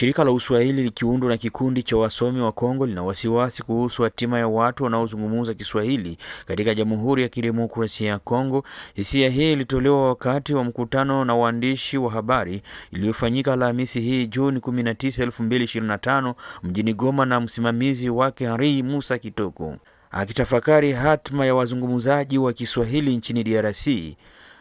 Shirika la Uswahili likiundwa na kikundi cha wasomi wa Kongo lina wasiwasi kuhusu hatima ya watu wanaozungumza Kiswahili katika Jamhuri ya Kidemokrasia ya Kongo. Hisia hii ilitolewa wakati wa mkutano na waandishi wa habari iliyofanyika Alhamisi hii Juni 19, 2025 mjini Goma na msimamizi wake Hari Musa Kitoko akitafakari hatma ya wazungumzaji wa Kiswahili nchini DRC.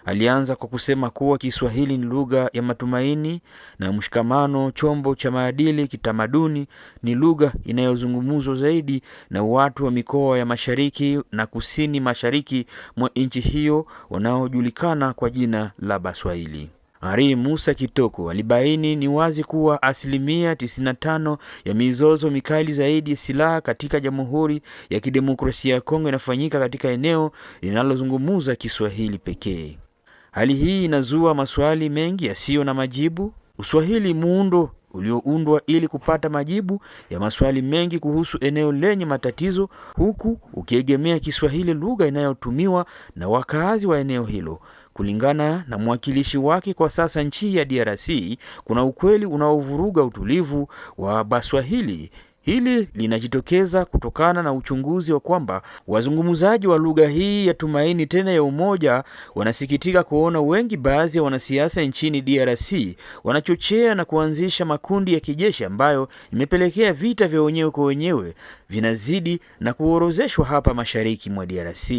Alianza kwa kusema kuwa Kiswahili ni lugha ya matumaini na mshikamano, chombo cha maadili kitamaduni. Ni lugha inayozungumzwa zaidi na watu wa mikoa ya Mashariki na Kusini Mashariki mwa nchi hiyo wanaojulikana kwa jina la Baswahili. Ari Musa Kitoko alibaini ni wazi kuwa asilimia tano ya mizozo mikali zaidi ya silaha katika Jamhuri ya Kidemokrasia ya Kongo inafanyika katika eneo linalozungumza Kiswahili pekee. Hali hii inazua maswali mengi yasiyo na majibu. Uswahili muundo ulioundwa ili kupata majibu ya maswali mengi kuhusu eneo lenye matatizo, huku ukiegemea Kiswahili, lugha inayotumiwa na wakaazi wa eneo hilo. Kulingana na mwakilishi wake kwa sasa nchi ya DRC, kuna ukweli unaovuruga utulivu wa Baswahili. Hili linajitokeza kutokana na uchunguzi wa kwamba wazungumzaji wa lugha hii ya tumaini tena ya umoja wanasikitika kuona wengi, baadhi ya wanasiasa nchini DRC wanachochea na kuanzisha makundi ya kijeshi ambayo imepelekea vita vya wenyewe kwa wenyewe vinazidi na kuorozeshwa hapa mashariki mwa DRC.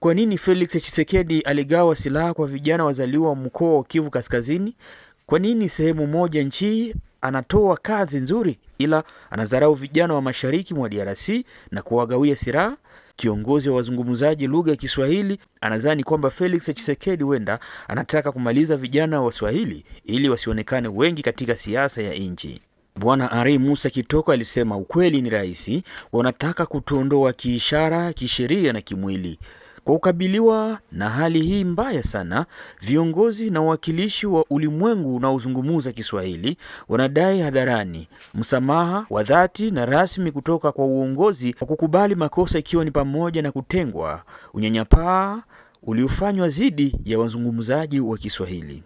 Kwa nini Felix Tshisekedi aligawa silaha kwa vijana wazaliwa wa mkoa wa Kivu Kaskazini? Kwa nini sehemu moja nchi anatoa kazi nzuri, ila anadharau vijana wa mashariki mwa DRC na kuwagawia siraha Kiongozi wa wazungumzaji lugha ya Kiswahili anadhani kwamba Felix chisekedi huenda anataka kumaliza vijana wa Swahili ili wasionekane wengi katika siasa ya nchi. Bwana Ari Musa Kitoko alisema ukweli ni rahisi, wanataka kutuondoa kiishara, kisheria na kimwili. Kwa kukabiliwa na hali hii mbaya sana, viongozi na wawakilishi wa ulimwengu unaozungumza Kiswahili wanadai hadharani msamaha wa dhati na rasmi kutoka kwa uongozi kwa kukubali makosa, ikiwa ni pamoja na kutengwa, unyanyapaa uliofanywa dhidi ya wazungumzaji wa Kiswahili.